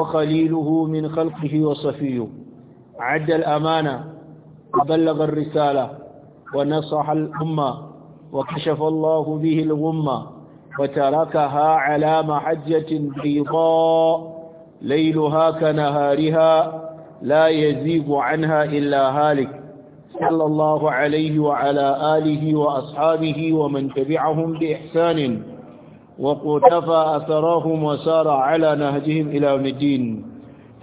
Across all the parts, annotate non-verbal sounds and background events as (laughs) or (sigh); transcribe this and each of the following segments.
وخليله من خلقه وصفيه عد الأمانة وبلغ الرسالة ونصح الأمة وكشف الله به الغمة وتركها على محجة بيضاء ليلها كنهارها لا يزيب عنها إلا هالك صلى الله عليه وعلى آله وأصحابه ومن تبعهم بإحسان وقتفى أثرهم وسار على نهجهم إلى يوم الدين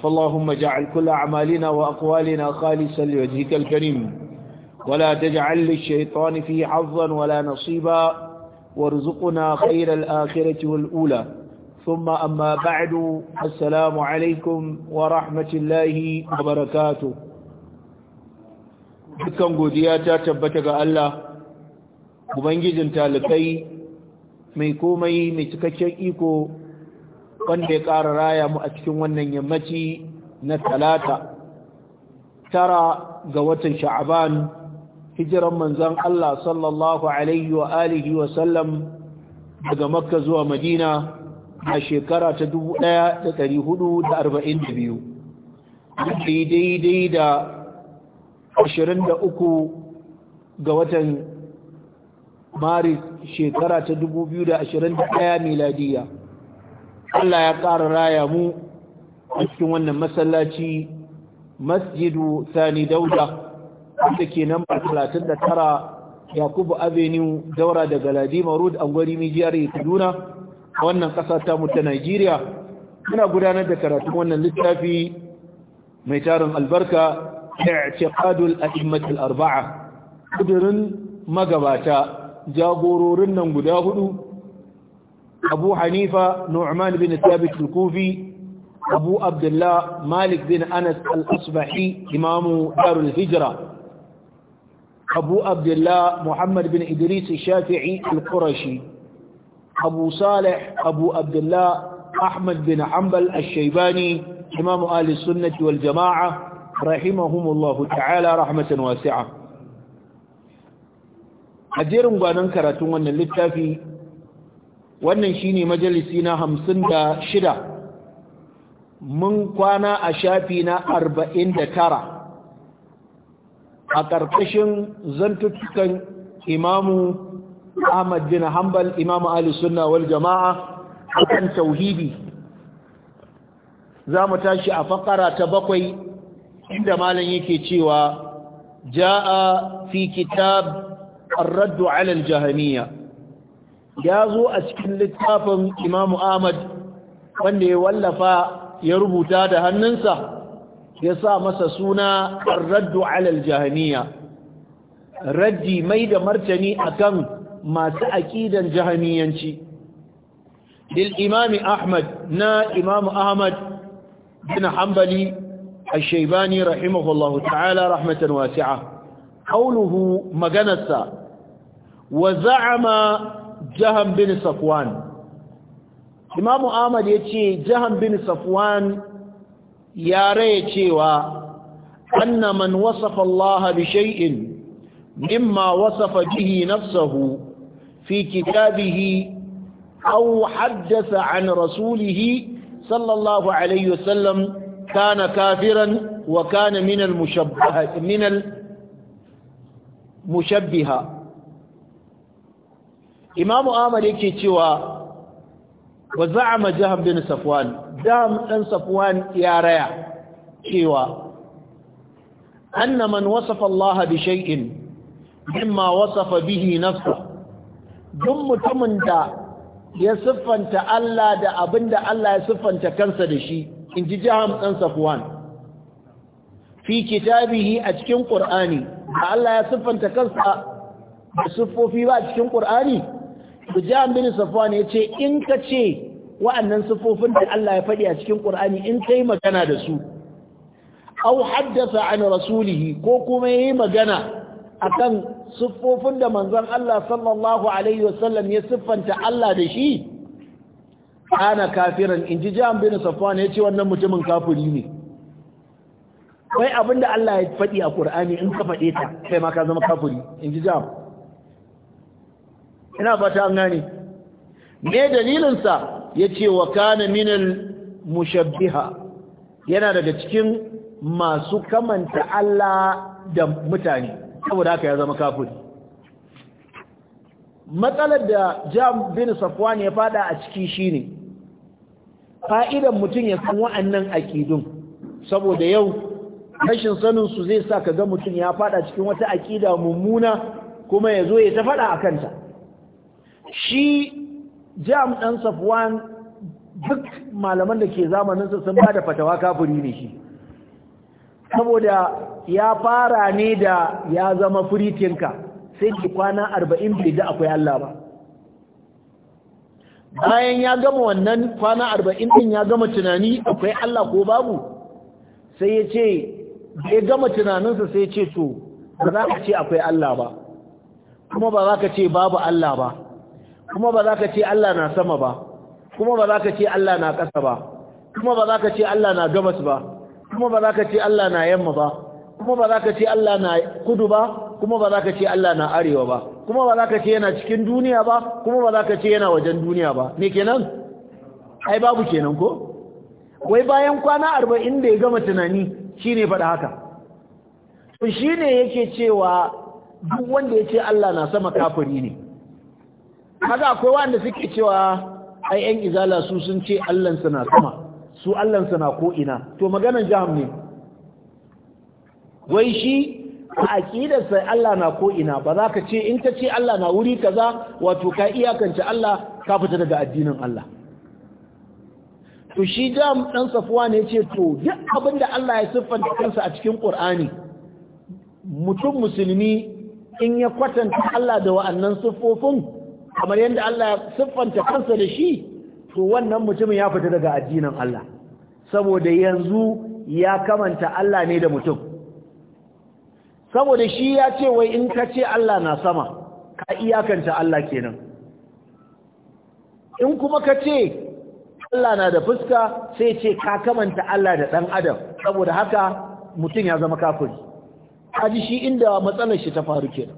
فاللهم اجعل كل أعمالنا وأقوالنا خالصا لوجهك الكريم ولا تجعل للشيطان فيه حظا ولا نصيبا وارزقنا خير الآخرة والأولى ثم أما بعد السلام عليكم ورحمة الله وبركاته dukkan godiya ta tabbata ga Allah ubangijin talakai mai komai mai cikakken iko wanda ya ƙara raya mu a cikin wannan yammaci na talata tara ga watan sha'aban hijiran manzan Allah sallallahu alaihi wa alihi wa sallam daga makka zuwa madina a shekara ta 1442 daidai da 23 ga watan maris shekara ta 2021 miladiya Allah ya ƙara raya mu a cikin wannan masallaci masjidu sani dauda wanda ke nan tara yakubu avenue daura daga Ladima road an gwari mijiyar kaduna wannan ƙasa ta mutu ta nigeria muna gudanar da karatun wannan littafi mai tarin albarka a a'immatul arba'a kudurin magabata jagororin nan guda hudu abu hanifa nu'man bin thabit al-kufi abu abdullah malik bin anas al-asbahi imamu darul hijra abu abdullah muhammad bin idris shafii al-qurashi abu salih abu abdullah ahmad bin hambal al imam imamu ahli sunnah wal jama'a rahimahumullah ta'ala rahmatan wasi'a a jerin gwanon karatun wannan littafi wannan shine majalisi na hamsin da shida mun kwana a shafi na arba'in da tara a ƙarƙashin zantuttukan imamu ahmad bin hanbal imamu ali sunna wal jama'a akan tauhidi za mu tashi a fakara ta bakwai inda malam yake cewa ja'a fi kitab الرد على الجهمية يازو أسكن لتافا إمام آمد واني ولفا يربو تاد هننسا يسا مسسونا الرد على الجهمية ردي ميد مرتني أكم ما تأكيدا جهميا للإمام أحمد نا إمام أحمد بن حنبلي الشيباني رحمه الله تعالى رحمة واسعة kauluhu maganarsa wa za'ama jaham bin safwan imamu ahmad yace jaham bin safwan ya rai cewa anna man wasafa allaha bi shay'in mimma wasafa bihi nafsuhu fi kitabihi aw hadatha an rasulihi sallallahu alayhi wasallam kana kafiran wa kana min al mushabbah min al mushabbiha imamu ahmad yake cewa wa za'ama jahm bin safwan jahm dan safwan ya raya cewa anna man wasafa Allah bi shay'in mimma wasafa bihi nafsuhu duk mutumin da ya siffanta Allah da abinda Allah ya siffanta kansa da shi inji jahm dan safwan fi kitabihi a cikin qur'ani Allah ya siffanta kansa da siffofi ba a cikin qur'ani Bijan bin Safwan yace in ka ce wa'annan siffofin da Allah ya faɗi a cikin qur'ani in kai magana da su aw haddatha an rasulihi ko kuma yayi magana akan siffofin da manzon Allah sallallahu alaihi wasallam ya siffanta Allah da shi ana kafiran inji jam bin Safwan ce wannan mutumin kafiri ne wai abin da Allah ya faɗi a Qur'ani in ka faɗe ta kai ma ka zama kafiri in ji jam ina fata an gane me dalilin sa yace wa kana al mushabbiha yana daga cikin masu kamanta Allah da mutane saboda haka ya zama kafiri matsalar da jam bin safwan ya fada a ciki shine fa'idan mutum ya san wa'annan aƙidun saboda yau rashin sanin su zai sa ka ga mutum ya fada cikin wata aƙida mummuna kuma ya zo ya ta fada a kanta shi jam ɗan safwan duk malaman da ke zamanin zamaninsa sun bada fatawa kafiri ne shi saboda ya fara ne da ya zama firitinka sai ki kwana arba'in bai da akwai Allah ba bayan ya gama wannan kwana arba'in din ya gama tunani akwai Allah ko babu sai ya ce da ya gama tunaninsa sai ce to ba za ka ce akwai Allah ba kuma ba za ka ce babu Allah ba kuma ba za ka ce Allah na sama ba kuma ba za ka ce Allah na ƙasa ba kuma ba za ka ce Allah na gabas ba kuma ba za ka ce Allah na yamma ba kuma ba za ka ce Allah na kudu ba kuma ba za ka ce Allah na arewa ba kuma ba za ka ce yana cikin duniya ba kuma ba za ka ce yana wajen duniya ba me kenan ai babu kenan ko wai bayan kwana arba'in da ya gama tunani shi ne faɗa haka to shi ne yake cewa duk wanda ya ce Allah na sama kafiri ne Haka akwai wanda suke cewa ai yan izala su sun ce Allahnsa na sama su Allahnsa na ko ina to maganar jaham ne wai shi a aƙidarsa Allah na ko ina ba za ka ce in ka ce Allah na wuri kaza wato ka iyakance Allah ka fita daga addinin Allah to shi jam dan safuwa ne yace to duk abin da Allah ya siffanta kansa a cikin Qur'ani mutum musulmi in ya kwatanta Allah da wa'annan siffofin kamar yadda Allah ya siffanta kansa da shi to wannan mutumin ya fita daga addinin Allah saboda yanzu ya kamanta Allah ne da mutum saboda shi ya ce wai in ka ce Allah na sama ka iyakanta Allah kenan in kuma ka ce Allah na da fuska sai ce ka kamanta Allah da ɗan adam saboda haka mutum ya zama kafiri haji shi inda matsalar shi ta faru kenan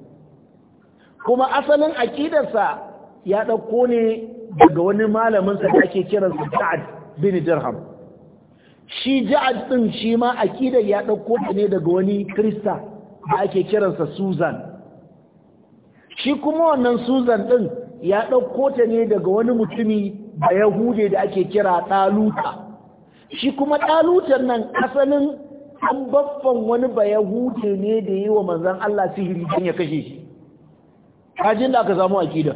kuma asalin akidarsa ya ɗauko ne daga wani malaminsa da ake kiransa Ja'ad bin Dirham shi Ja'ad din shi ma akidar ya ɗauko ta ne daga wani Krista da ake kiransa Susan shi kuma wannan Susan din ya ɗauko ta ne daga wani mutumi ba yahude da ake kira ɗaluta shi kuma ɗalutan nan asalin an baffan wani ba yahude ne da yi wa manzan Allah sihiri don ya kashe shi kajin da aka samu akida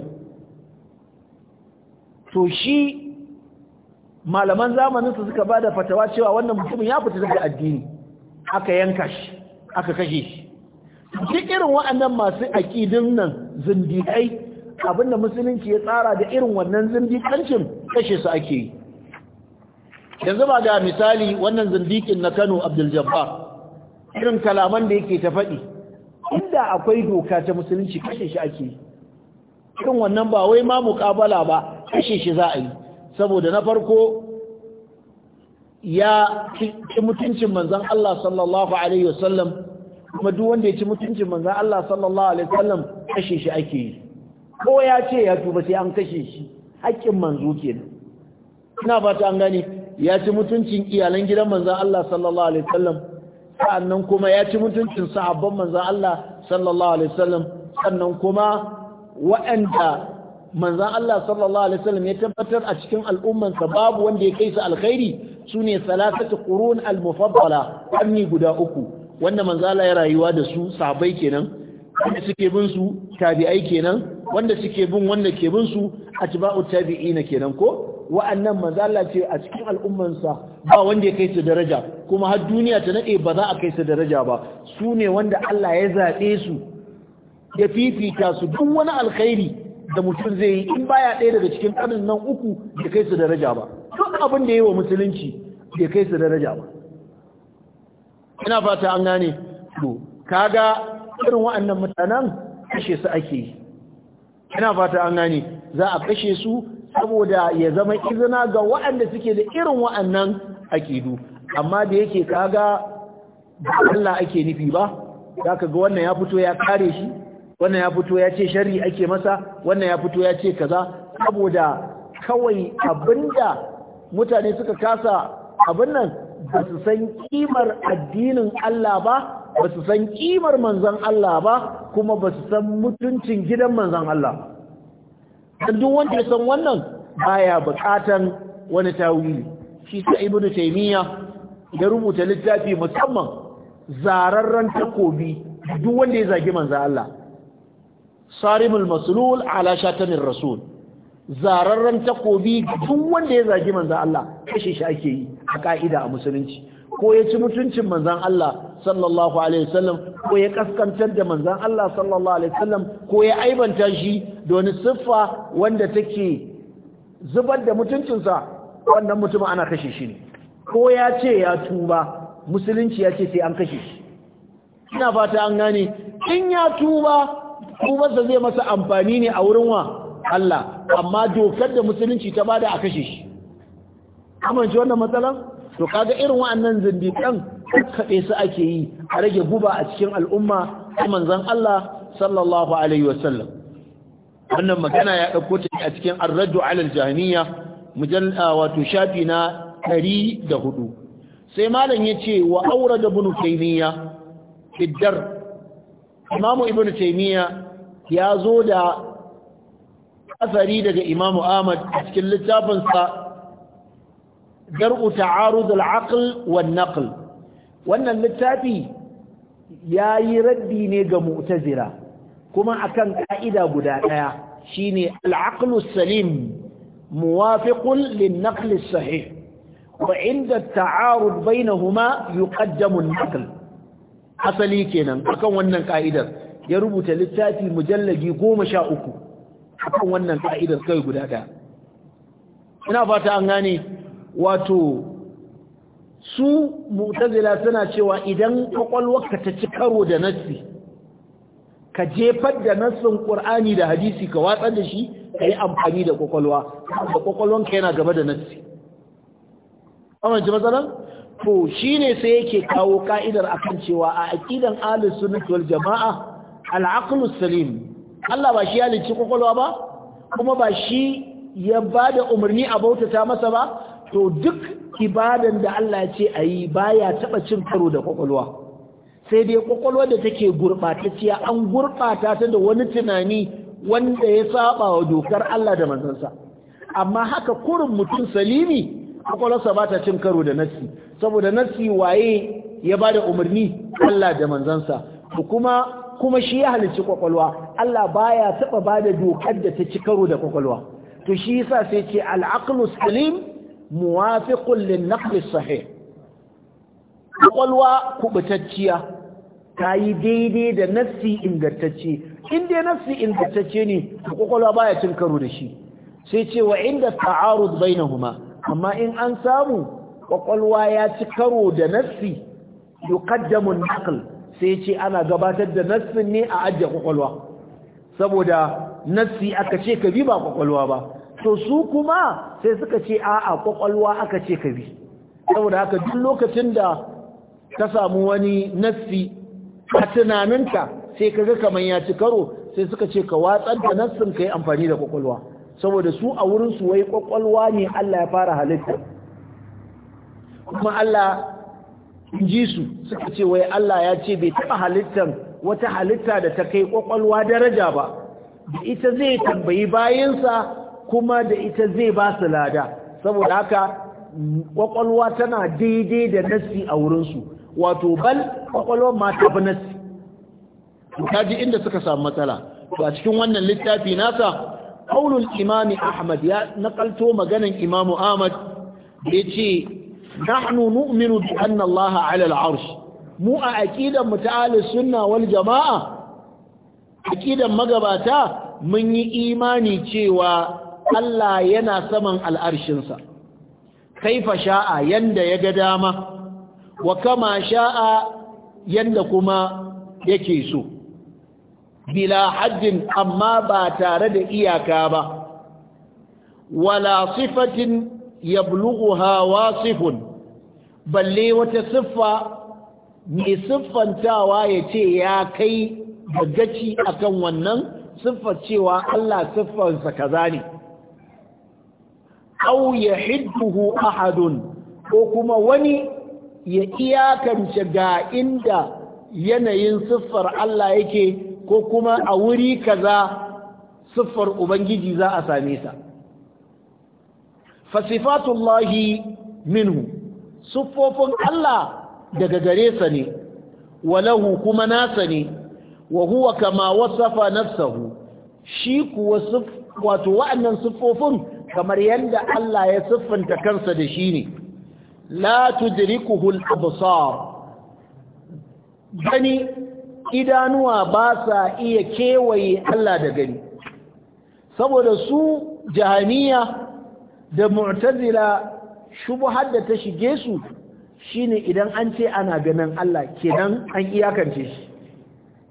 to shi malaman zamaninsa suka ba da fatawa cewa wannan mutumin ya fita daga addini aka yanka shi aka kashe shi duk irin waɗannan masu aƙidin nan zindiƙai abinda musulunci ya tsara da irin wannan zindikancin kashe su ake yi yanzu ba ga misali wannan zindikin na kano abdul-jabbar irin kalaman da yake ta faɗi inda akwai doka ta musulunci kashe shi ake yi irin wannan ba wai ma muƙabala ba kashe shi za a yi saboda na farko ya ci mutuncin manzan Allah sallallahu Alaihi wasallam kuma duk wanda ya ci mutuncin manzan Allah sallallahu Alaihi wasallam kashe shi ake yi ko ya ce ya tuba sai an kashe shi haƙƙin manzo kenan ina fata an gane ya ci mutuncin iyalan gidan manzon Allah sallallahu alaihi wasallam sannan kuma ya ci mutuncin sahabban manzon Allah sallallahu alaihi wasallam sannan kuma waɗanda manzan Allah sallallahu Alaihi wasallam ya tabbatar a cikin al'ummansa babu wanda ya kai su alkhairi su ne salatata ƙurun al-mufabbala ƙarni guda uku wanda manzala ya rayuwa da su sahabbai kenan wanda suke bin su tabi'ai kenan wanda suke bin wanda ke bin su a atba'u tabi'ina kenan ko wa'annan manzo Allah ce a cikin al'umman sa ba wanda ya kai su daraja kuma har duniya ta nade ba za a kai su daraja ba su ne wanda Allah ya zabe su ya fifita su duk wani alkhairi da mutum zai yi in baya ɗaya daga cikin ƙanin nan uku ya kai su daraja ba duk abin da yi wa musulunci ya kai su daraja ba ina fata an gane to kaga irin wa'annan mutanen kashe su ake yi ina fata an gani. za a kashe su saboda ya zama izina ga waɗanda suke da irin waɗannan aƙidu amma da yake kaga ba Allah ake nufi ba za ka ga wannan ya fito ya kare shi wannan ya fito ya ce shari ake masa wannan ya fito ya ce kaza saboda kawai abinda mutane suka kasa abin nan ba su san kimar addinin Allah ba ba su san ƙimar manzon Allah ba kuma ba su san mutuncin gidan manzon Allah dan duk wanda ya san wannan baya bukatan wani tawili shi ta ibnu taymiya ya rubuta littafi musamman zararran takobi duk wanda ya zagi manzon Allah sarimul maslul ala Shatanin rasul zararren takobi duk wanda ya zagi manzan Allah kashe shi ake yi a ka'ida a musulunci ko ya ci mutuncin manzan Allah sallallahu alaihi wasallam ko ya kaskantar da manzon Allah sallallahu alaihi wasallam ko ya aibanta shi da siffa wanda take zubar da mutuncinsa wannan mutum ana kashe shi ne ko ya ce ya tuba musulunci ya ce sai an kashe shi ina fata an gane in ya tuba tubarsa zai masa amfani ne a wurin wa Allah amma dokar da musulunci ta bada a kashe shi amince wannan matsalan to kaga irin wa'annan zindikan kakkaɓe su ake yi a rage guba a cikin al'umma ta manzan Allah sallallahu alaihi wasallam wannan magana ya ɗauko ta a cikin arraddu alal jahaniya mujalla wato shafi na ɗari da hudu sai malam ya ce wa aura da bunu taimiyya fiddar imamu ibnu taimiyya ya zo da asari daga imamu ahmad a cikin littafinsa dar'u ta'arud al-aql wan naql wannan littafi ya yi raddi ne ga mu'tazira kuma akan ka'ida guda ɗaya shine al-aqlu salim muwafiqun lin-naql wa inda at-ta'arud huma yuqaddamu ƙaddamun nakl asali kenan akan wannan ka'idar ya rubuta littafi mujallaji uku akan wannan ka'idar kai guda ɗaya ina fata an gane wato su mu'tazila suna cewa idan kwakwalwarka ta ci karo da nassi ka jefar da nassin ƙur'ani da hadisi ka watsar da shi ka yi amfani da kwakwalwa da ka yana gaba da nassi amma ji matsalan to ne sai yake kawo ka'idar akan cewa a aqidan ahlus sunnah wal jamaa al salim Allah ba shi ya lici kwakwalwa ba kuma ba shi ya bada umarni a bautata masa ba to duk ibadan da Allah ce a yi baya taɓa cin karo da kwakwalwa sai dai kwakwalwa da take gurɓatacciya an gurɓata ta da wani tunani wanda ya saba wa dokar Allah da manzansa amma haka kurin mutum salimi kwakwalwarsa ba ta cin karo da nassi saboda nassi waye ya ba da umarni Allah da manzansa kuma kuma shi ya halicci kwakwalwa Allah baya taɓa ba da dokar da ta ci karo da kwakwalwa to shi yasa sai ce al'aqlu salim muwafiqun lin-naqli sahih kwalwa kubutacciya ta yi daidai da nassi ingantacce in dai nassi ingantacce ne kwakwalwa baya cin karo da shi sai ce wa inda ta'arud bainahuma amma in an samu kwakwalwa ya ci karo da nassi yuqaddamu an-naql sai ce ana gabatar da nassin ne a ajiye kwakwalwa saboda nassi aka ce ka bi ba kwakwalwa ba to su kuma sai suka ce a'a kwakwalwa aka ce ka bi saboda haka duk lokacin da ka samu wani nassi a tunaninka sai ka ga kamar ya ci karo sai suka ce ka watsar da nassin ka yi amfani da kwakwalwa saboda su a wurin su wai kwakwalwa ne Allah ya fara halitta kuma Allah ji su suka ce wai Allah ya ce bai taɓa halittan wata halitta da ta kai kwakwalwa daraja ba ita zai tambayi bayansa kuma da ita zai ba su lada saboda haka kwakwalwa tana daidai da nassi a wurinsu wato bal kwakwalwa ma ta fi nassi ji inda suka samu matsala to a cikin wannan littafi nasa qaulul imami ahmad ya nakalto maganan imamu ahmad yace nahnu nu'minu bi anna allah ala al-arsh mu a aqidan mu ta sunna wal jamaa aqidan magabata mun yi imani cewa Allah yana saman al'arshinsa kaifa sha'a yanda ya ga dama wa kama sha'a yanda kuma yake so bila hajjin amma ba tare da iyaka ba wala sifatin ya hawa wasifun balle wata siffa mai siffantawa ya ce ya kai da gaci akan wannan siffar cewa Allah siffarsa ka zane aw yahidduhu ahadun ko kuma wani ya iyakance ga inda yanayin siffar Allah yake ko kuma a wuri kaza siffar ubangiji za a same sa fasifatullahi minhu siffofin Allah daga gare sa ne walahu kuma nasa ne wa huwa kama wasafa nafsuhu shi kuwa wato wa'annan siffofin kamar yadda Allah ya siffanta kansa da shi ne la tudrikuhu al-absar gani idanuwa ba sa iya kewaye Allah da gani saboda su jahaniya da mu'tazila shubuhar da ta shige su shine idan an ce ana ganin Allah kenan an iyakance shi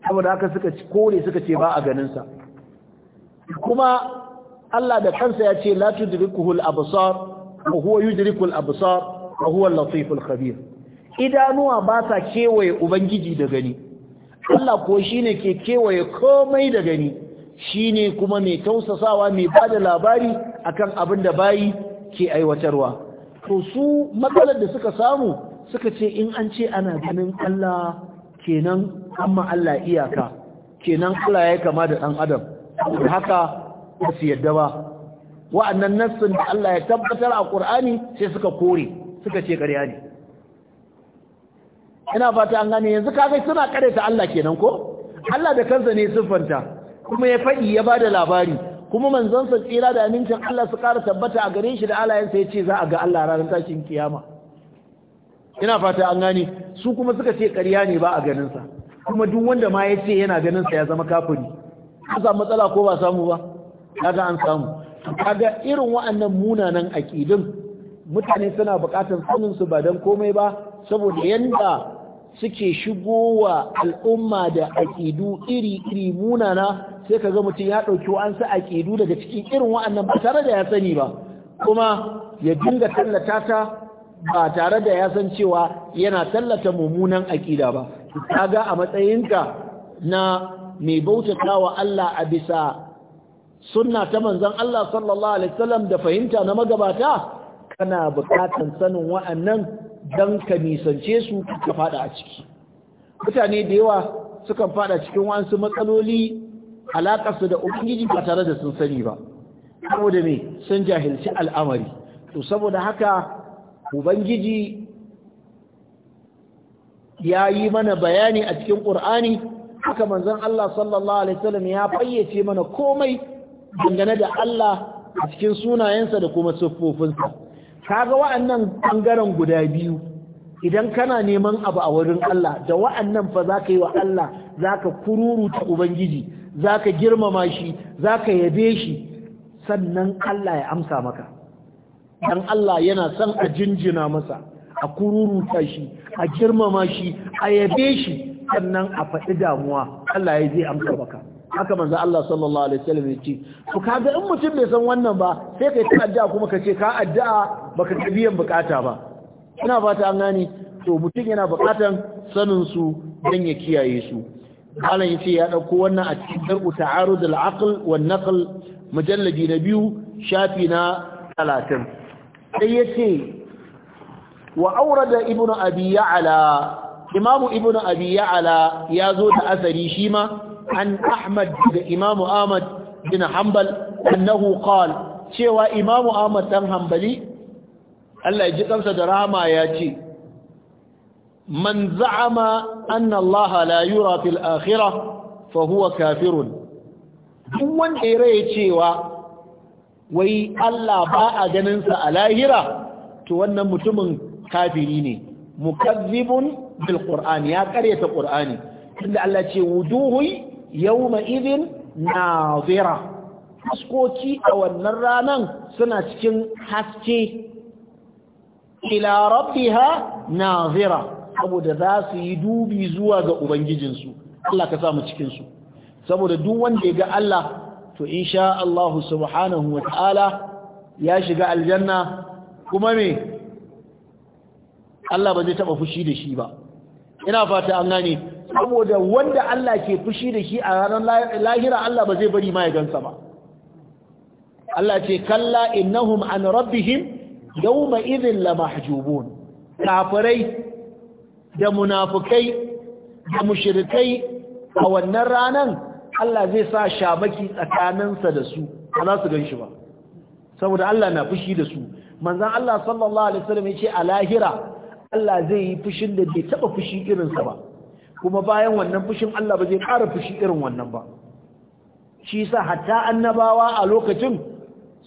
saboda haka suka kore suka ce ba a ganin sa kuma Allah da kansa ya ce la tudrikuhu al-absar wa huwa yudriku al-absar wa huwa al-latif al-khabir idanuwa ba sa kewaye ubangiji da gani Allah ko shine ke kewaye komai da gani shine kuma mai tausasawa mai bada labari akan abin da bayi ke aiwatarwa to su matsalar da suka samu suka ce in an ce ana ganin Allah kenan amma Allah iyaka kenan Allah ya kama da dan adam haka ba su yadda ba wa'annan nassin da Allah ya tabbatar a Qur'ani sai suka kore suka ce ƙarya ne ina fata an gane yanzu kaga suna ta Allah kenan ko Allah da kansa ne siffanta kuma ya faɗi ya bada labari kuma manzonsa tsira da amincin Allah su ƙara tabbata a gare shi da alayensa ya ce za a ga Allah ranar tashin kiyama ina fata an gane su kuma suka ce ƙarya ne ba a ganinsa kuma duk wanda ma ya ce yana ganinsa ya zama kafiri ba samu matsala ko ba samu ba kaga an samu kaga irin wa'annan munanan aƙidun mutane suna buƙatar sanin su ba don komai ba saboda yanda suke shigowa al'umma da aƙidu iri-iri munana sai ka ga mutum ya ɗauki wa'ansu aƙidu daga cikin irin wa'annan ba tare da ya sani ba kuma ya dinga tallata ta ba tare da ya san cewa yana tallata mummunan aƙida ba kaga a matsayinka na mai bautata wa Allah a bisa sunna ta manzon Allah sallallahu alaihi wasallam da fahimta na magabata kana bukatan sanin wa'annan dan ka nisance su ka fada a ciki mutane da yawa sukan fada cikin wasu matsaloli alaƙarsu da ubangiji ba tare da sun sani ba saboda me sun jahilci al'amari to saboda haka ubangiji ya yi mana bayani a cikin ƙur'ani haka manzon Allah sallallahu alaihi wasallam ya fayyace mana komai dangane da Allah a cikin sunayensa da kuma siffofinsa kaga wa'annan bangaren guda biyu idan kana neman abu a wurin Allah da wa'annan fa zaka yi wa Allah zaka kururuta ubangiji zaka girmama shi zaka yabe shi sannan Allah ya amsa maka dan Allah yana son a jinjina masa a kururuta shi a girmama shi a yabe shi sannan a faɗi damuwa Allah ya zai amsa maka haka manzo Allah sallallahu alaihi wasallam ya ce to kaga in mutum bai san wannan ba sai kai ta addu'a kuma ka ce ka addu'a baka ka biyan bukata ba ina fata an gane to mutum yana bukatan sanin su dan ya kiyaye su malam yace ya dauko wannan a cikin dar'u ta'arud al-aql wan naql mujalladi na biyu shafi na 30 sai yace wa aurada ibnu abi ya'la imamu ibnu abi ya'la ya zo da asari shi ma an Ahmad da Imam Ahmad bin Hanbal annahu qala cewa Imam Ahmad dan hambali? Allah ya ji kansa da rahama ya ce man za'ama anna la yura fil akhirah fa huwa kafirun duk wanda ya raye cewa wai Allah ba a ganinsa a lahira to wannan mutumin kafiri ne mukazzibun bil qur'an ya karya qur'ani tunda Allah ce wuduhu yawma na nazira haskoki a wannan ranan suna cikin haske ila rabbiha nazira saboda za su yi dubi zuwa ga ubangijinsu Allah ka samu cikin su saboda duk wanda ya ga Allah to insha Allah subhanahu wataala ya shiga aljanna kuma me Allah ba zai taba fushi da shi ba ina fata an gane saboda wanda Allah ke fushi da shi a ranar lahira Allah ba zai bari ma ya gansa ba Allah ce kalla innahum an rabbihim yawma idhin la mahjubun kafirai da munafukai da mushrikai a wannan ranan Allah zai sa shamaki tsakaninsa da su ba za su ganshi ba saboda Allah na fushi da su manzon Allah sallallahu alaihi wasallam ya ce a lahira Allah zai yi fushin da bai taba fushi irinsa ba kuma bayan wannan fushin Allah ba zai ƙara fushi irin wannan ba shi sa hatta annabawa a lokacin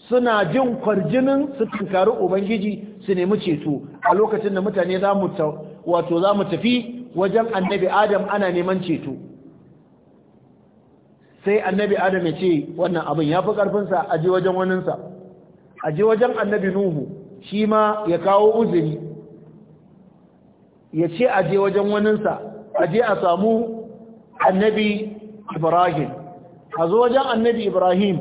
suna jin kwarjinin su tunkari ubangiji su nemi ceto a lokacin da mutane za mu wato za mu tafi wajen annabi adam ana neman ceto sai annabi adam ya ce wannan abin ya fi ƙarfinsa a je wajen waninsa a je wajen annabi nuhu shi ma ya kawo uzuri ya ce a je wajen waninsa Aje a samu annabi ibrahim a zo wajen annabi ibrahim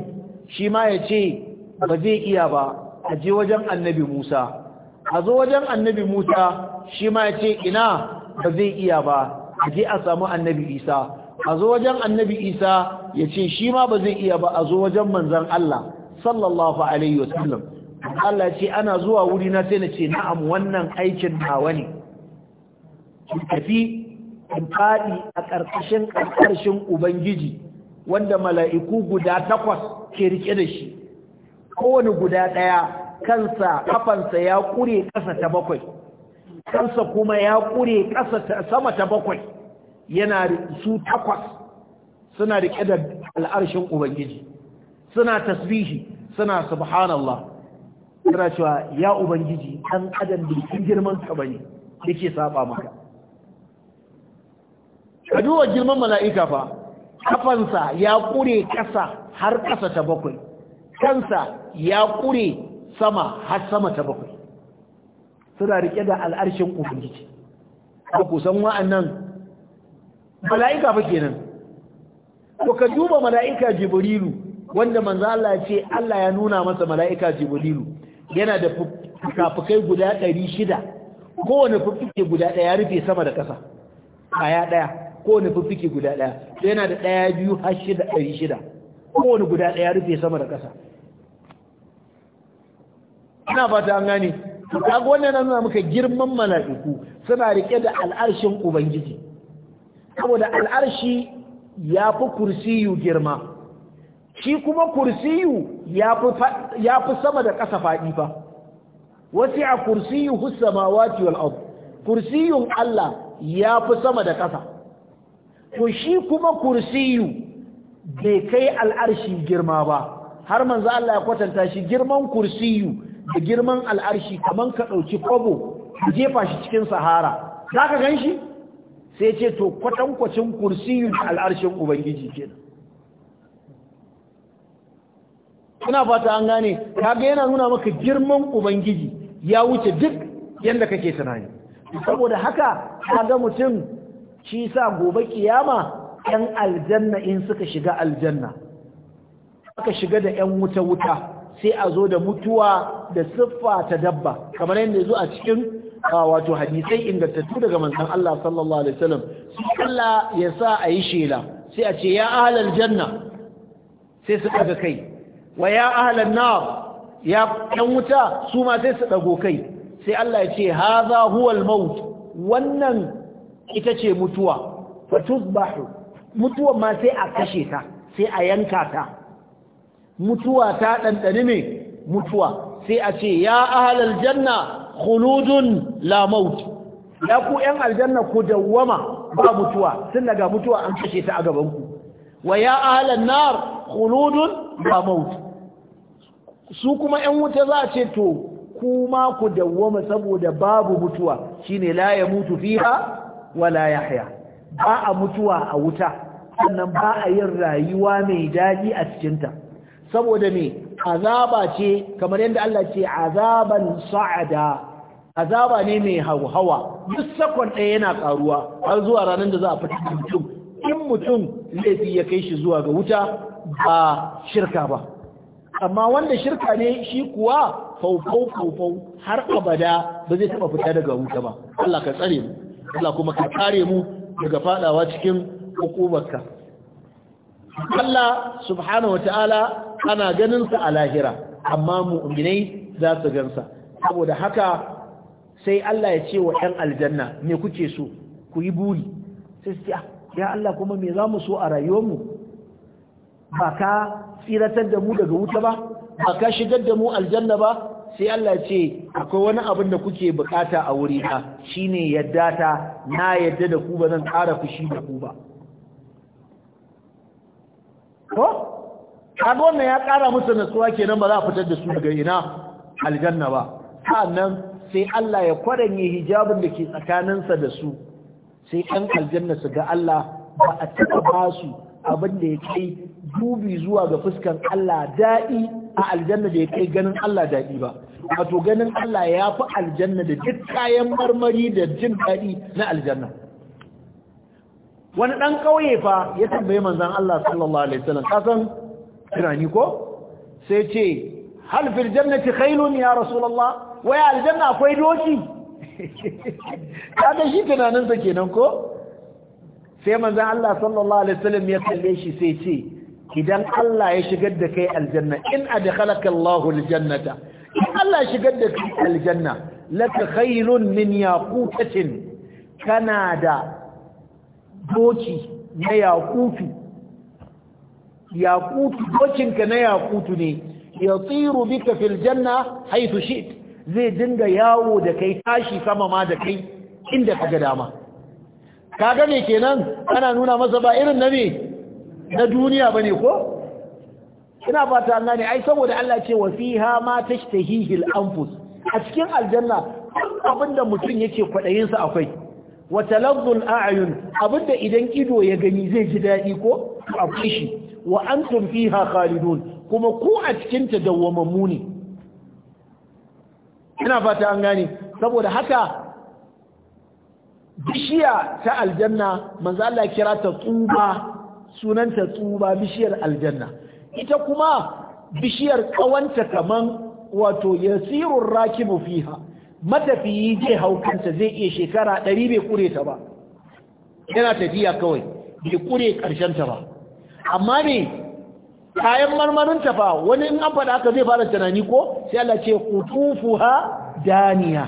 shi ma ya ce ba zai iya ba Aje wajen annabi musa a zo wajen annabi musa shi ma ya ce ina ba zai iya ba Aje a samu annabi isa a zo wajen annabi isa ya ce shi ma ba zai iya ba a zo wajen manzan Allah sallallahu alaihi wasallam Allah ce ana zuwa wuri na sai na ce na'am wannan aikin nawa ne tafi in faɗi a ƙarƙashin ƙarƙashin ubangiji wanda mala'iku guda takwas ke riƙe da shi kowane guda ɗaya kansa kafansa ya ƙure ƙasa ta bakwai kansa kuma ya ƙure ƙasa ta sama ta bakwai yana su takwas suna riƙe da al'arshin ubangiji suna tasbihi suna subhanallah suna cewa ya ubangiji ɗan adam bai girman ka ne yake saba maka ka duba girman mala'ika fa kafansa ya ƙure ƙasa har ƙasa ta bakwai kansa ya ƙure sama har sama ta bakwai suna riƙe da al'arshin ubangiji ba ku san wa'annan mala'ika fa kenan ko ka duba mala'ika jibrilu wanda manza Allah ce Allah ya nuna masa mala'ika jibrilu yana da fukafukai guda 600 kowane fukuke guda ɗaya ya rufe sama da ƙasa ya ɗaya Ko wani fiffike guda ɗaya yana da ɗaya biyu har shida ɗari shida Ko wani guda ɗaya rufe sama da ƙasa ina fata an gane kaga wannan nuna muka girman mala'iku suna riƙe da al'arshin ubangiji saboda al'arshi ya fi kursiyu girma shi kuma kursiyu ya fi sama da ƙasa faɗi fa wasi a kursiyu hussamawati wal ard kursiyun Allah ya fi sama da ƙasa to shi kuma kursiyu bai kai al'arshi girma ba har manzo Allah ya kwatanta shi girman kursiyu da girman al'arshi kaman ka dauki kwabo ka jefa shi cikin sahara zaka ganshi sai ce to kwatankwacin kursiyu da al'arshin ubangiji kenan Kuna fata an gane kaga yana nuna maka girman ubangiji ya wuce duk yanda kake tunani saboda haka kaga mutum shi sa gobe kiyama ‘yan aljanna in suka shiga aljanna aka shiga da ‘yan wuta-wuta sai a zo da mutuwa da siffa ta dabba kamar yadda zo a cikin wato hadisai ingantattu daga manzon Allah sallallahu alaihi wasallam sai Allah ya sa a yi shela sai a ce ya ahlal janna sai su daga kai wa ya ahlan nar ya ɗan wuta su ma sai su ɗago kai sai Allah ya ce hadha huwal maut wannan ita ce mutuwa tusbahu mutuwa ma sai a kashe ta sai a yanka ta mutuwa ta ɗanɗani ne mutuwa sai a ce ya ahalal janna khuludun la maut ya ku aljanna ku dawwama ba mutuwa sun daga mutuwa an kashe ta a gabanku. ku wa ya ahlan nar khuludun la maut su kuma yan wuta za a ce to kuma ku dawwama saboda babu mutuwa shine la ya mutu fiha wala yahya ba a mutuwa a wuta sannan ba a yin rayuwa mai daɗi a cikinta saboda me azaba ce kamar yadda Allah ce azaban sa'ada azaba ne mai hawa duk sakon ɗaya yana ƙaruwa har zuwa ranar da za a fita mutum in mutum laifi ya kai shi zuwa ga wuta ba shirka ba amma wanda shirka ne shi kuwa faufau faufau har abada ba zai taɓa fita daga wuta ba Allah ka tsare mu Allah kuma ka kare mu daga fadawa cikin hukumarka Allah subhanahu wataala ana ganin sa a lahira amma mu'minai za su gansa saboda haka sai Allah ya ce wa ɗan aljanna me kuke so ku yi buri sai su ce ah, ya Allah kuma me za mu so a rayuwarmu ba ka tsiratar da mu daga wuta ba ba ka shigar da mu aljanna ba sai Allah ce akwai wani abin da kuke bukata a wuri na shine yadda ta na yadda da ku ba zan ƙara fushi da ku ba ko kaga wannan ya ƙara musu nasuwa kenan ba za a fitar da su daga ina aljanna ba sannan sai Allah ya kwaranye hijabin da ke tsakaninsa da su sai ɗan aljanna su ga Allah ba a taɓa ba su abin da ya kai dubi zuwa ga fuskan Allah daɗi a aljanna da ya kai ganin Allah daɗi ba wato ganin Allah ya fi aljanna da duk kayan marmari da jin daɗi na aljanna wani ɗan ƙauye fa ya tambaye manzan Allah sallallahu alaihi wasallam kasan tunani ko sai ce hal fil jannati khailun ya rasulullah waya aljanna akwai doki (laughs) kaga shi tunaninsa kenan ko sai manzan Allah sallallahu alaihi wasallam ya kalle shi sai ce idan Allah ya shigar da kai aljanna in adkhalaka Allahu aljannata in Allah ya shigar da kai aljanna laka khairun min yaqutatin kana da doki na yaqutu yaqutu na yaqutu ne yatiru bika fil janna haythu zai dinga yawo da kai tashi sama ma da kai inda kaga dama kaga ne kenan ana nuna masa ba irin na me. na duniya bane ko ina fata an gane ai saboda Allah ce wa ha ma tashtahihi hihil anfus a cikin aljanna abinda mutum yake kwaɗayinsa sa akwai wata talazzul a'yun abinda idan ido ya gani zai ji daɗi ko akwai shi wa an antum fiha khalidun kuma ku a cikin ta dawwamammu ne ina fata an gane saboda haka bishiya ta aljanna manzo Allah kira ta tsuba sunanta tsuba bishiyar aljanna ita kuma bishiyar kawanta kaman wato yasirun rakibu fiha matafiyi zai haukanta zai iya shekara ɗari bai kure ta ba yana tafiya kawai bai kure ta ba amma ne kayan ta fa wani in an faɗa ka zai fara tunani ko sai Allah ce kutufuha daniya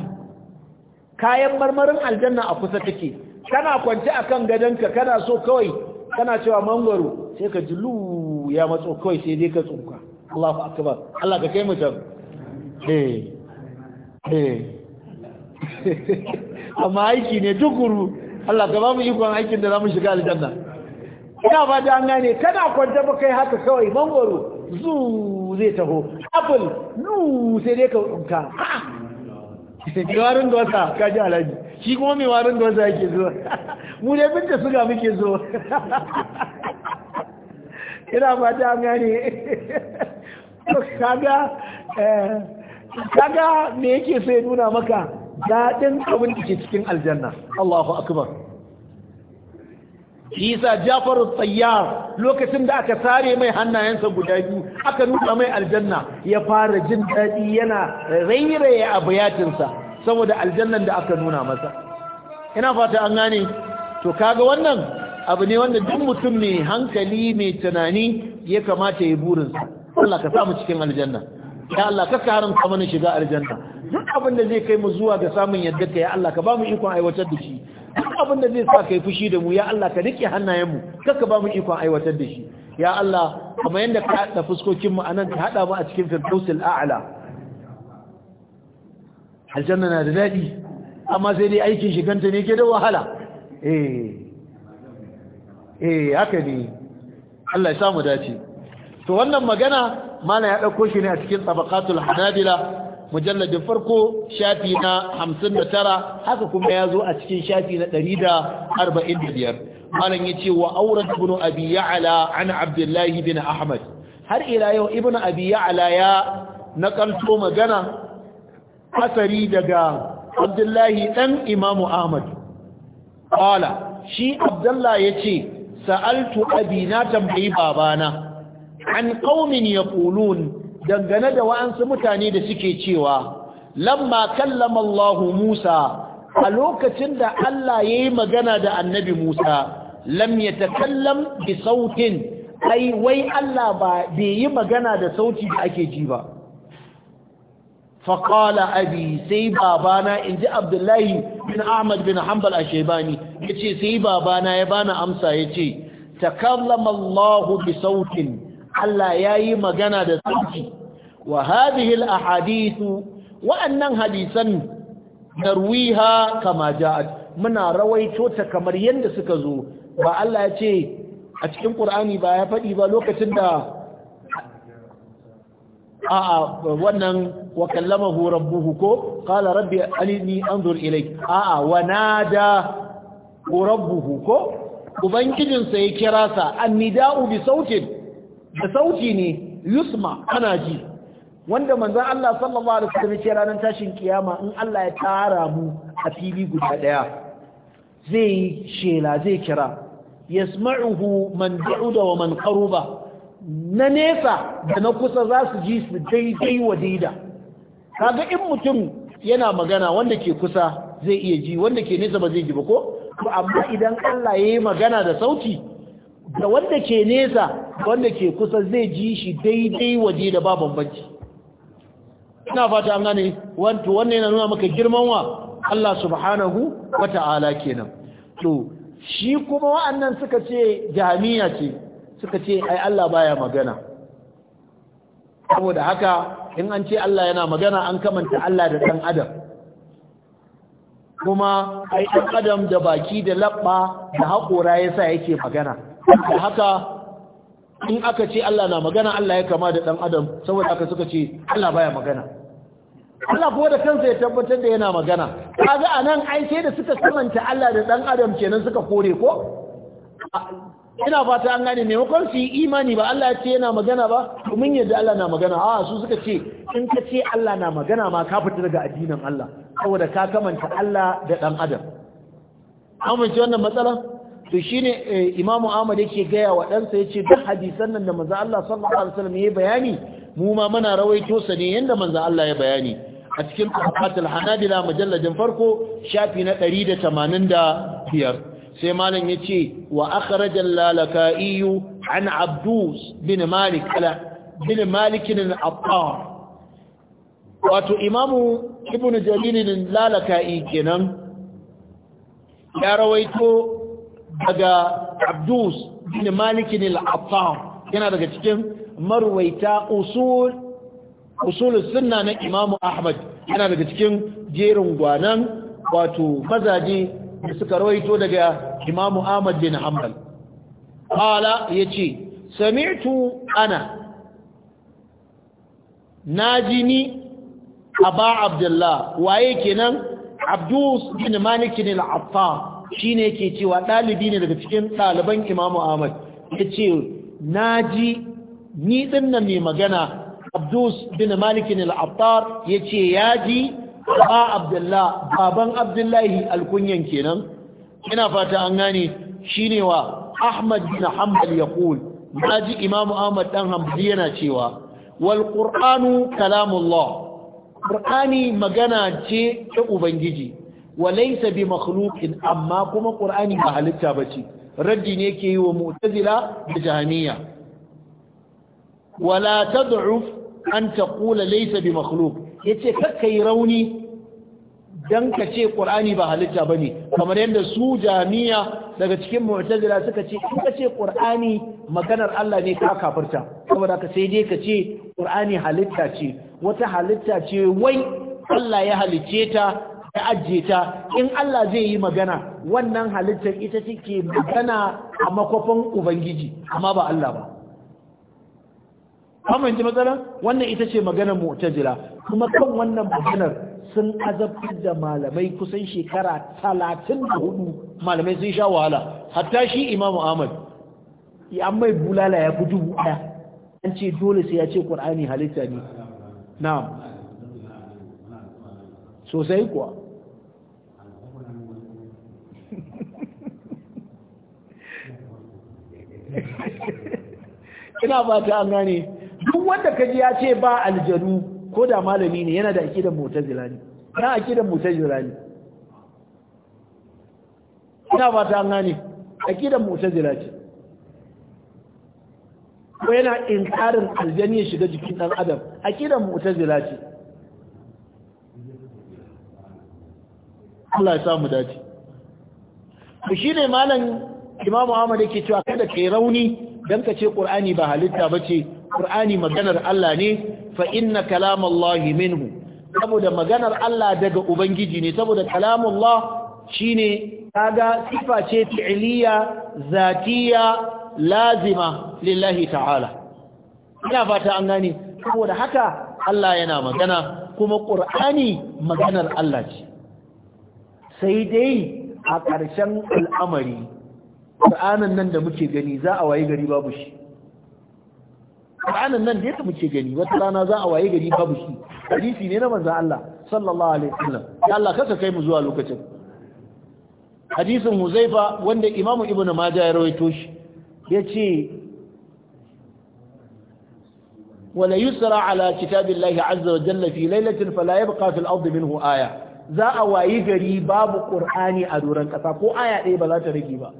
kayan marmarin aljanna a kusa take kana kwance akan gadonka kana so kawai kana cewa mangwaro sai ka ji ya matso kawai sai dai ka tsunka Allahu akbar Allah ka kai mutum eh eh (laughs) amma aiki ne tukuru Allah ka ba mu ikon aikin da za mu shiga aljanna ina ba da an gane kana kwanta ba kai haka kawai mangwaro zu zai taho apple nu sai dai ka tsunka ha (laughs) sai warin wata ka ji alaji shi kuma mai warin da wanzu yake zuwa mu dai binta suga muke zuwa, ina fata ta gane kaga eh, kaga me yake sai nuna maka daɗin abin da ke cikin aljanna Allahu akbar Isa Jafar Tsayyar lokacin da aka sare mai hannayensa guda biyu aka nuna mai aljanna ya fara jin daɗi yana rairaye a bayatinsa saboda aljannan da aka nuna masa ina fata an gane to kaga wannan abu ne wanda duk mutum mai hankali mai tunani ya kamata ya burinsa Allah ka samu cikin aljanna ya Allah ka kama mana shiga aljanna duk abin da zai kai mu zuwa ga samun yadda ka ya Allah ka ba mu ikon aiwatar da shi duk abin da zai sa kai fushi da mu ya Allah ka rike mu kaka ba mu ikon aiwatar da shi ya Allah kamar yadda ka haɗa fuskokinmu a nan ka haɗa mu a cikin firdausul a'la aljanna na da daɗi amma sai dai aikin shiganta ne ke da wahala eh eh haka ne Allah ya samu dace to wannan magana mana ya ɗauko shi ne a cikin tabaqatul hanabila mujalladin farko shafi na 59 haka kuma ya zo a cikin shafi na 145 malam ce wa aurat ibn abi ya'la an abdullahi bin ahmad har ila yau ibn abi ya'la ya nakalto magana asari daga abdullahi ɗan imamu ahmad ƙala shi abdullahi ya ce sa'altu abina tambayi babana an ƙaunin ya ƙulun dangane da wa'ansu mutane da suke cewa lamma kallamallahu allahu musa a lokacin da allah ya yi magana da annabi musa lam ya takallam bi sautin ai wai allah ba bai yi magana da sauti da ake ji ba فقال أبي سيبا بانا إن جاء عبد الله بن أحمد بن حنبل الشيباني يتي سيبا بانا يبانا أمسا يتي تكلم الله بصوت ألا ياي مغانا دا صوتي وهذه الأحاديث وأنن حديثا نرويها كما جاءت منا رويتوتا كمريان دا سكزو وألا يتي أتكلم قرآني با يفدي با لوكة دا a'a wannan wa kallamahu rabbuhu ko qala rabbi alini anzur ilayk a'a wa nada rabbuhu ko ubangijin sa ya kira sa annida'u bi sautin da sauti ne yusma ana ji wanda manzo Allah sallallahu alaihi wasallam ya ranar tashin kiyama in Allah ya tara mu a fili guda daya zai shela zai kira yasma'uhu man da'uda wa man qaruba na nesa da na kusa za su ji su daidai wa daida kaga in mutum yana magana wanda ke kusa zai iya ji wanda ke nesa ba zai ji ba ko amma idan Allah ya yi magana da sauti da wanda ke nesa wanda ke kusa zai ji shi daidai wa daida ba bambanci ina fata an gane wato wannan yana nuna maka girman wa Allah subhanahu wata'ala kenan to shi kuma wa'annan suka ce jami'a ce suka ce ai Allah baya magana saboda haka in an ce Allah yana magana an kamanta Allah da dan adam kuma ai dan adam da baki da labba da hakora yasa yake magana saboda haka in aka ce Allah na magana Allah ya kama da dan adam saboda haka suka ce Allah baya magana Allah kuwa da kansa ya tabbatar da yana magana kaga anan ai sai da suka kamanta Allah da dan adam kenan suka kore ko ina fata an gane maimakon su yi imani ba Allah ya ce yana magana ba domin yadda Allah na magana a su suka ce in ka ce Allah na magana ma ka fita daga addinin Allah saboda ka kamanta Allah da dan adam an wannan matsala to shine eh, Imam Ahmad yake gaya wa ɗansa yace duk hadisan nan da manzo Allah sallallahu alaihi wasallam ya bayani mu ma muna rawaito sa ne yanda manzo Allah ya bayani a cikin Fatul Hanabila mujalladin farko shafi na 185 sai malam ya ce wa akharajan lalaka'iyu an abdus bin malik ala bin malikin al-attar wato imamu ibnu jaririn lalaka'i kenan ya rawaito daga abdus bin malikin al-attar yana daga cikin marwaita usul usul sunna na imamu ahmad yana daga cikin jerin gwanan wato mazaje da suka rawaito daga imamu ahmad bin hanbal qala yace sami'tu ana najini aba abdullah waye kenan abdus bin malik bin al shine yake cewa dalibi ne daga cikin daliban imamu ahmad yace naji ni dinnan ne magana abdus bin malik bin al-affar yace yaji ba abdullah baban abdullahi alkunyan kenan ina fata an gane shine wa ahmad bin hanbal yaqul naji imam ahmad dan hanbali yana cewa wal qur'anu kalamullah qur'ani magana ce ta ubangiji walaysa bi makhluqin amma kuma qur'ani ba halitta bace raddi ne ke yi wa mu'tazila da jahaniya wala tad'uf an taqula laysa bi makhluq yace kakkai rauni dan ka ce qur'ani ba halitta bane kamar yadda su jami'a daga cikin mu'tazila suka ce in ka ce ƙur'ani maganar Allah ne ka kafirta saboda ka sai dai ka ce qur'ani halitta ce wata halitta ce wai Allah ya halicce ta ya ajiye ta in Allah zai yi magana wannan halittar ita take magana a makofin ubangiji amma ba Allah ba amince matsalar wannan ita ce maganar mu'tazila kuma kan wannan maganar sun azabtar da malamai kusan shekara talatin da hudu malamai sun sha wahala hatta shi imamu ahmad ya mai bulala ya fi dubu ɗaya an ce dole sai ya ce ƙur'ani halitta ne Na. sosai kuwa (laughs) ina ba ta an gane duk wanda kaji ya ce ba aljanu ko da malami ne yana da akidan mu'tazila ne na akidan mu'tazila ne ina ba ta gane akidan mu'tazila ce ko yana inkarin aljani ya shiga jikin dan adam akidan mu'tazila ce Allah ya samu dace ku shine malam Imam Ahmad yake cewa kada kai rauni dan ka ce qur'ani ba halitta ce qur'ani maganar Allah ne fa inna kalamallahi minhu saboda maganar Allah daga ubangiji ne saboda kalamullah shine kaga sifa ce fi'liya zatiya lazima lillahi ta'ala ina fata an gane saboda haka Allah yana magana kuma ƙur'ani maganar Allah ce sai dai a ƙarshen al'amari Qur'anin nan da muke gani za a waye gari babu shi Qur'anin nan da yake muke gani wata rana za a waye gari babu shi hadisi ne na manzon Allah sallallahu alaihi wasallam ya Allah kasa kai mu zuwa lokacin hadisin Huzaifa wanda Imam Ibn Majah ya rawaito shi yace wala yusra ala kitabillahi azza wa jalla fi Laylatin fala yabqa fil ardi minhu aya za a wayi gari babu qur'ani a doran kasa ko aya ɗaya ba za ta rage ba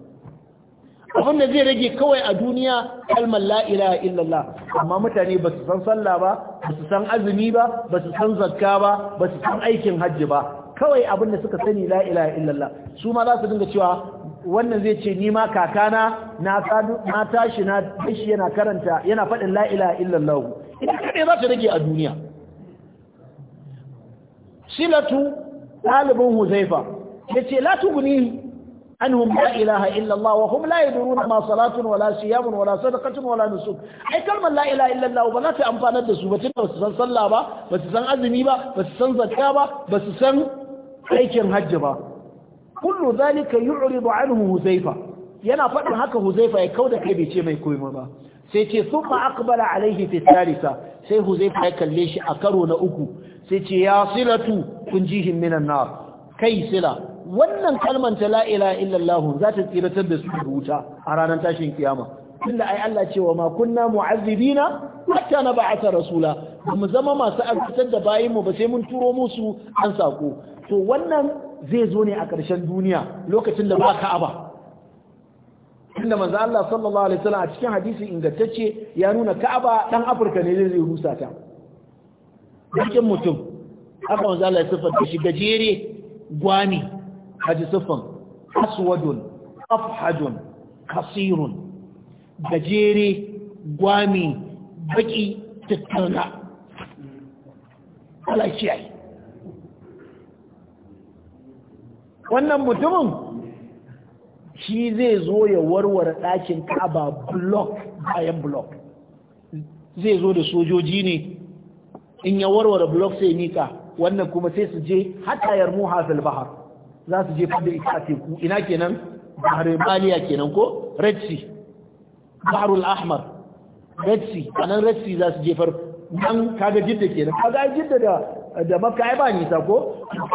abin da zai rage kawai a duniya kalmar la ilaha illallah amma mutane ba su san sallah ba ba su san azumi ba ba su san zakka ba ba su san aikin hajji ba kawai abin da suka sani la ilaha illallah su ma za su dinga cewa wannan zai ce ni ma kakana na na tashi na yana karanta yana faɗin la ilaha illallah ita kaɗai za su rage a duniya silatu ɗalibin huzaifa ya ce la tuguni anhum la ilaha illa Allah wa hum la yadruna ma salatun wala siyamun wala sadaqatun wala nusuk ai kalmar la ilaha illa ba za ta amfanar da su ba tunda su san sallah ba ba su san azumi ba ba su san zakka ba ba su san aikin hajji ba kullu zalika yu'ridu anhu huzaifa yana faɗin haka huzaifa ya kauda kai bai ce mai komai ba sai ce thumma aqbala alaihi fi thalitha sai huzaifa ya kalle shi a karo na uku sai ce ya silatu kunjihin minan nar kai sila wannan kalmar ta Laila illallahu illallah za ta tsiratar da su da wuta a ranar tashin kiyama tunda ai Allah cewa ma kunna mu'azzibina hatta nab'atha rasula mu zama masu azabtar da bayin mu ba sai mun turo musu an sako to wannan zai zo ne a ƙarshen duniya lokacin da ba ka'aba inda manzo Allah sallallahu alaihi wasallam a cikin hadisi ingantacce ya nuna Ka'aba dan Afirka ne zai rusa ta bakin mutum haka manzo Allah ya sifanta shi gajere gwani haji siffan aswadun afhadun kasirun gajere gwami baki tattara alashiyai wannan mutumin shi zai zo ya warware ɗakin ka'aba block bayan block zai zo da sojoji ne in ya warware block sai mika wannan kuma sai su je hatayar muhafil bahar za su je da ita a teku ina kenan bahar kenan ko red sea baharul ahmar red sea a nan red sea za su jefar nan kaga jidda kenan kaga jidda da da makka ai ba nisa ko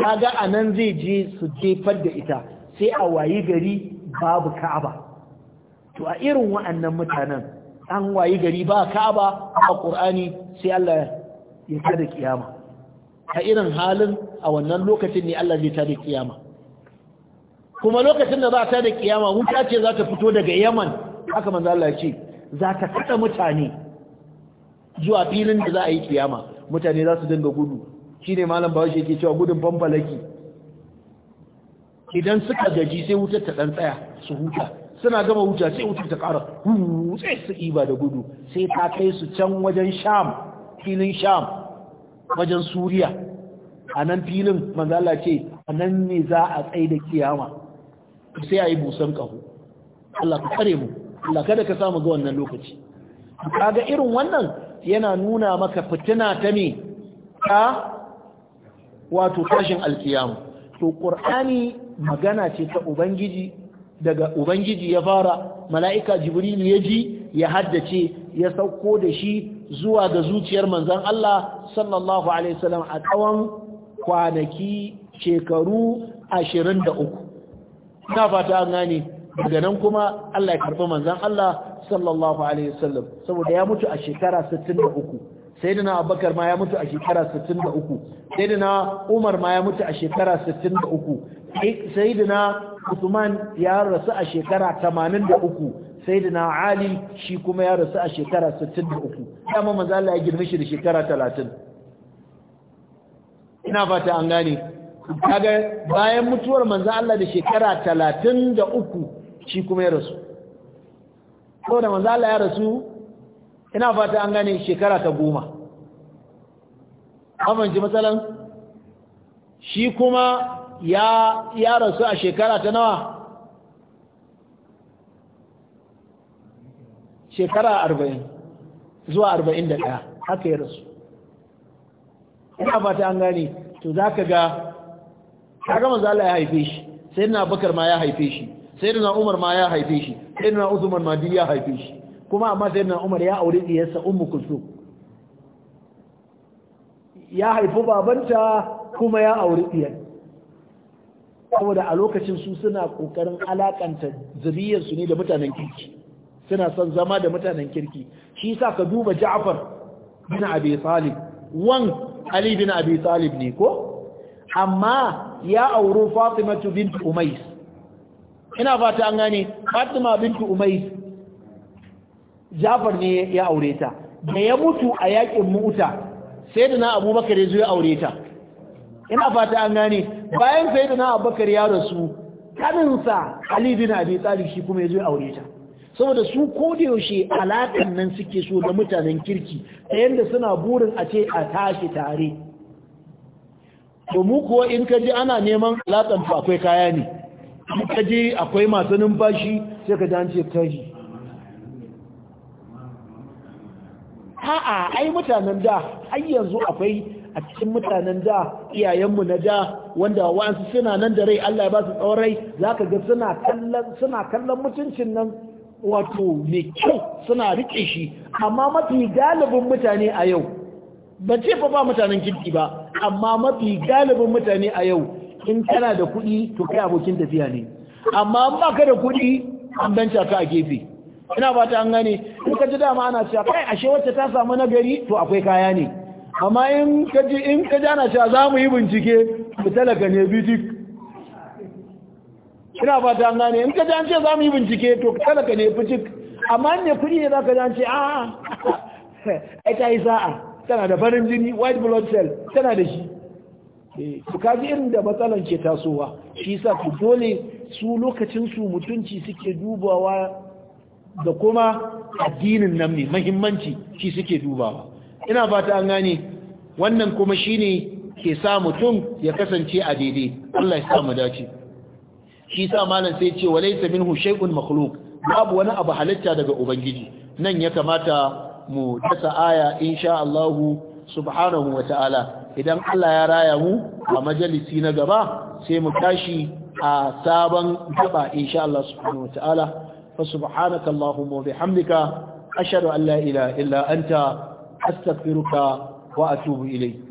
kaga a nan zai je su jefar da ita sai a wayi gari babu ka'aba to a irin wa'annan mutanen an wayi gari ba ka'aba a qur'ani sai Allah ya tada kiyama a irin halin a wannan lokacin ne Allah zai tada kiyama kuma lokacin da za ta da kiyama wuta ce za ta fito daga yaman haka manzo Allah ce za ta kada mutane zuwa filin da za a yi kiyama mutane za su dinga gudu shine malam bawashi yake cewa gudun bambalaki idan suka gaji sai wutar ta dan tsaya su huta suna gama wuta sai wutar ta ƙara sai su iba da gudu sai ta kai su can wajen sham filin sham wajen suriya a nan filin manzala ce a nan ne za a tsaye da kiyama sai a yi busan ƙaho Allah ka tsare mu Allah kada ka samu ga wannan lokaci kaga irin wannan yana nuna maka fitina ta ne ta wato tashin alkiyamu to qur'ani magana ce ta ubangiji daga ubangiji ya fara mala'ika jibrilu ya ji ya haddace ya sauko da shi zuwa ga zuciyar manzon Allah sallallahu alaihi wasallam a tsawon kwanaki shekaru 23 na fata an gane daga nan kuma Allah ya karɓi manzon Allah sallallahu alaihi wasallam saboda ya mutu a shekara 63 sayyidina Abubakar ma ya mutu a shekara 63 sayyidina Umar ma ya mutu a shekara 63 sayyidina usman ya rasu a shekara 83 sayyidina ali shi kuma ya rasu a shekara 63 dama manzo Allah ya girme shi da shekara 30 ina fata an gane kaga bayan mutuwar manzo Allah da shekara talatin da uku shi kuma ya rasu ko da manzo Allah ya rasu ina fata an gane shekara ta goma ji matsalan shi kuma ya ya rasu a shekara ta nawa shekara arba'in zuwa arba'in da ɗaya haka ya rasu ina fata an gane to za ka ga kaga manzo Allah ya haife shi sayyidina Abubakar ma ya haife shi sayyidina Umar ma ya haife shi sayyidina Uthman ma ya haife shi kuma amma sayyidina Umar ya aure diyarsa Ummu Kulsum ya haifi babanta kuma ya aure diyar saboda a lokacin su suna kokarin alakanta zuriyar su ne da mutanen kirki suna son zama da mutanen kirki shi yasa ka duba Ja'far bin Abi Talib wan Ali bin Abi Talib ne ko amma ya auro fatimatu bintu umais ina fata an gane fatima bintu umais jafar ne ya aure ta da ya mutu a yakin Mu'ta sai da na abubakar ya aure ta ina fata an gane bayan sai da na abubakar ya rasu kaninsa ali bin abi talib shi kuma ya zo aure ta saboda su ko da yaushe alaƙan nan suke so da mutanen kirki ta da suna burin a ce a tashi tare to mu kuwa in ka ji ana neman alaƙan akwai kaya ne in ka ji akwai masu numfashi sai ka ji a'a ai mutanen da ai yanzu akwai a cikin mutanen da iyayenmu na da wanda wa'ansu suna nan da rai Allah ya ba su za ka ga suna kallon suna kallon mutuncin nan wato mai kyau suna rike shi amma mafi galibin mutane a yau ba ce fa ba mutanen kirki ba amma mafi galibin mutane a yau in kana da kuɗi to kai abokin tafiya ne amma in baka da kuɗi an banta ka a gefe ina ta an gane in ka ji dama ana cewa kai ashe wacce ta samu nagari to akwai kaya ne amma in ka ji in ka ji ana cewa za mu yi bincike mu talaka ne bitik ina ta an gane in ka ji an ce za mu yi bincike to talaka ne bitik amma ne kuɗi ne za ka ji an ce a'a ai ta yi sa'a tana da farin jini white blood cell tana da shi ku eh, kaji irin da matsalan ke tasowa shi sa ku dole su lokacinsu mutunci suke dubawa da kuma addinin nan ne mahimmanci shi suke dubawa ina fata an gane wannan kuma shine ke sa mutum ya kasance a daidai Allah ya sa mu dace shi sa malam sai ce walaysa minhu shay'un makhluq babu wani abu halitta daga ubangiji nan ya kamata mu dasa aya insha allahu subhanahu wa ta'ala idan Allah ya raya mu a majalisi na gaba sai mu tashi a sabon gaba insha Allah subhanahu wa ta'ala fa subhanaka allahumma wa bihamdika ashhadu an la ilaha illa anta astaghfiruka wa atubu ilayk